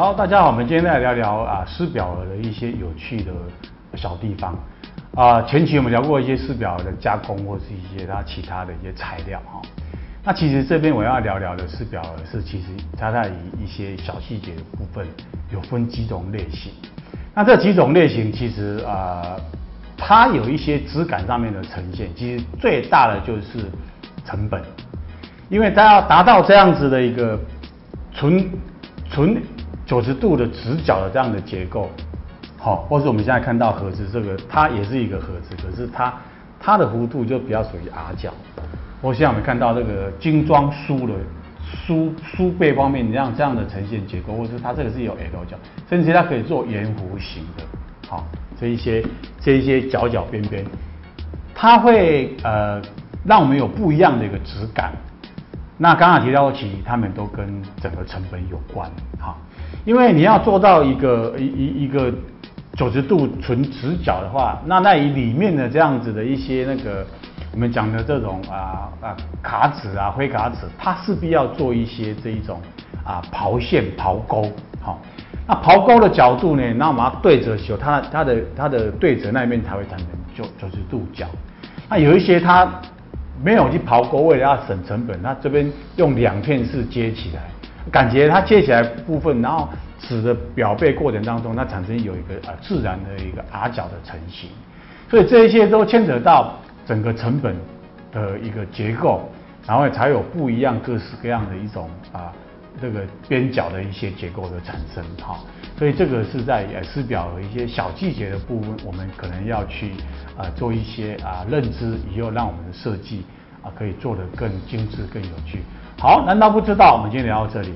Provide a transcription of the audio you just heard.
好，大家好，我們今天來聊聊啊，濕裱的一些有趣的小地方啊、呃。前期我們聊過一些濕裱的加工，或是一些它其他的一些材料哈、哦。那其實這邊我要聊聊的濕裱是其實它在一些小細節的部分，有分幾種類型。那這幾種類型其實啊、呃，它有一些質感上面的呈現，其實最大的就是成本，因為它要達到這樣子的一個純純。九十度的直角的這樣的結構，好，或是我們現在看到盒子這個，它也是一個盒子，可是它它的弧度就比較屬於 R 角。或是像我們看到這個精裝書的書書背方面，這樣這樣的呈現結構，或是它這個是有 L 角，甚至它可以做圓弧形的，好，這一些這一些角角邊邊，它會呃讓我們有不一樣的一個質感。那剛剛提到過，其實它們都跟整個成本有關，哈。因為你要做到一個一一一個九十度純直角的話，那那以裡面的這樣子的一些那個我們講的這種啊卡啊卡紙啊灰卡紙，它勢必要做一些這一種啊刨線刨溝。好、哦，那刨溝的角度呢，那我們要對折的時候，它它的它的對折那邊才會產生九九十度角。那有一些它沒有去刨溝，為了要省成本，那這邊用兩片式接起來。感覺它接起來的部分，然後使得裱褙過程當中，它產生有一個啊、呃、自然的一個 R 角的成型，所以這一切都牽扯到整個成本的一個結構，然後才有不一樣各式各樣的一種啊、呃、這個邊角的一些結構的產生哈，所以這個是在濕裱的一些小細節的部分，我們可能要去啊、呃、做一些啊、呃、認知，以後讓我們的設計。啊，可以做得更精緻、更有趣。好，難道不知道？我們今天聊到這裡。